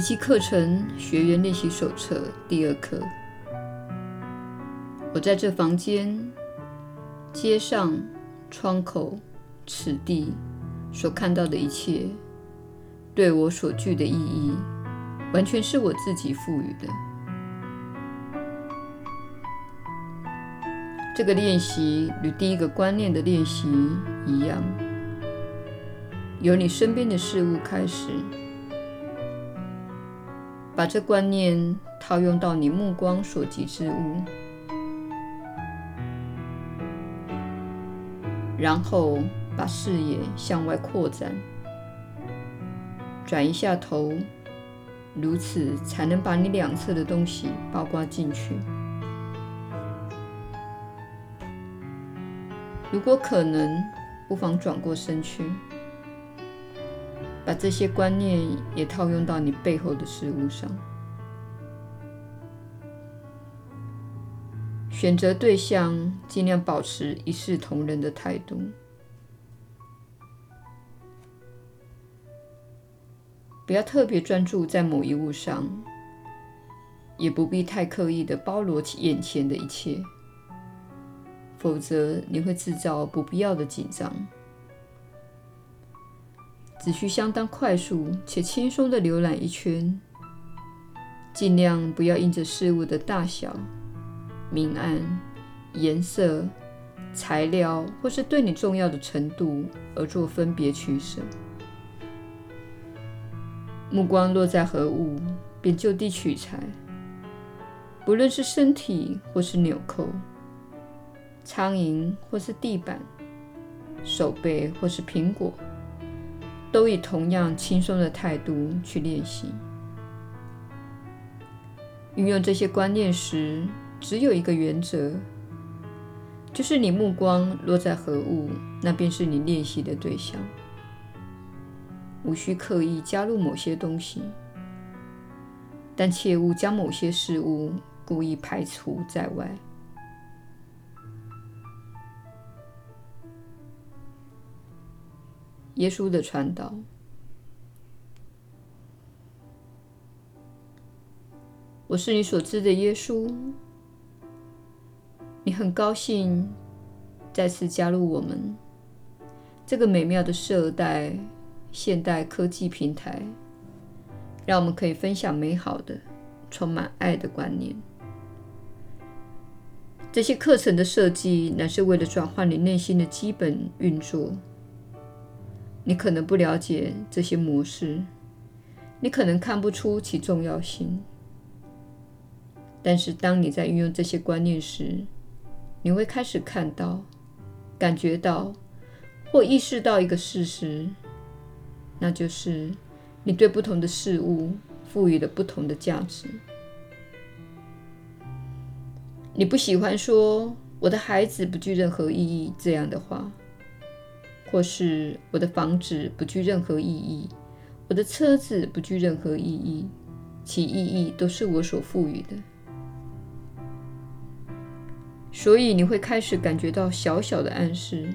奇蹟課程學員練習手冊第二課。我在這房間、街上、窗口、此地所看到的一切，對我所具的意義，完全是我自己賦予的。這個練習與第一個觀念的練習一樣，由你身邊的事物開始。把這觀念套用到你目光所及之物，然後把視野向外擴展，轉一下頭，如此才能把你兩側的東西包括進去。如果可能，不妨轉過身去。把這些觀念也套用到你背後的事物上。選擇對象，盡量保持一視同仁的態度，不要特別專注在某一物上，也不必太刻意的包羅眼前的一切，否則你會製造不必要的緊張。只需相當快速且輕鬆地瀏覽一圈，盡量不要因着事物的大小、明暗、顏色、材料或是對你重要的程度而做分別取捨。目光落在何物，便就地取材。不論是身體或是紐扣、蒼蠅或是地板、手背或是蘋果。都以同樣輕鬆的態度去練習。運用這些觀念時，只有一個原則，就是你目光落在何物，那便是你練習的對象。無需刻意加入某些東西，但切勿將某些事物故意排除在外。耶穌的傳導，我是你所知的耶穌。你很高興再次加入我們這個美妙的世代、現代科技平台，讓我們可以分享美好的、充滿愛的觀念。這些課程的設計乃是為了轉換你內心的基本運作。你可能不了解這些模式，你可能看不出其重要性。但是，當你在運用這些觀念時，你會開始看到、感覺到或意識到一個事實，那就是你對不同的事物賦予了不同的價值。你不喜歡說“我的孩子不具任何意義”這樣的話。或是我的房子不具任何意義，我的車子不具任何意義，其意義都是我所賦予的。所以你會開始感覺到小小的暗示，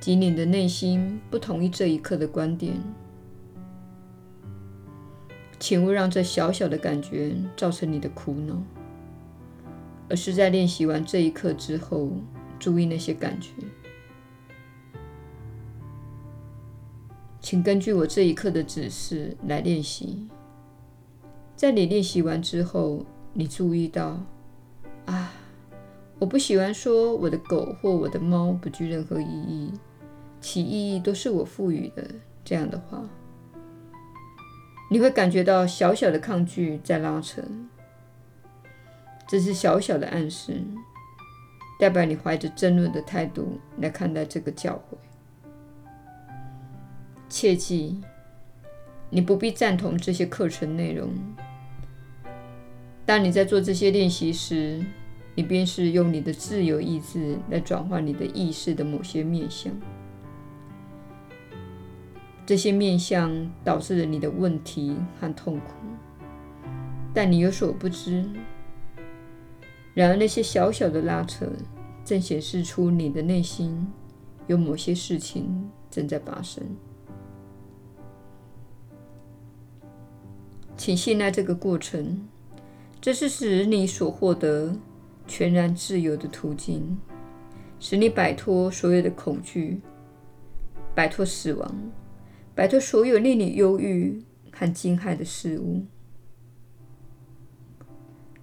即你的內心不同意這一課的觀點。請勿讓這小小的感覺造成你的苦惱，而是在練習完這一課之後，注意那些感覺。請根據我這一刻的指示來練習。在你練習完之後，你注意到，啊，我不喜歡說我的狗或我的貓不具任何意義，其意義都是我賦予的，這樣的話，你會感覺到小小的抗拒在拉扯。這是小小的暗示，代表你懷着爭論的態度來看待這個教誨。切記，你不必贊同這些課程內容。當你在做這些練習時，你便是用你的自由意志來轉換你的意識的某些面向。這些面向導致了你的問題和痛苦，但你有所不知。然而，那些小小的拉扯正顯示出你的內心有某些事情正在發生。請信賴這個過程，這是使你所獲得全然自由的途徑，使你擺脫所有的恐懼，擺脫死亡，擺脫所有令你憂鬱和驚駭的事物。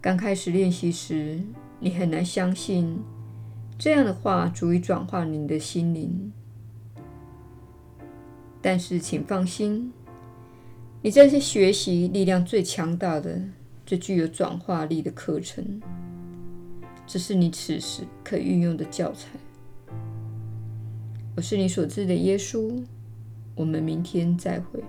剛開始練習時，你很難相信這樣的話足以轉化你的心靈，但是請放心。你這些學習力量最強大的、最具有轉化力的課程，這是你此時可運用的教材。我是你所知的耶穌，我們明天再會。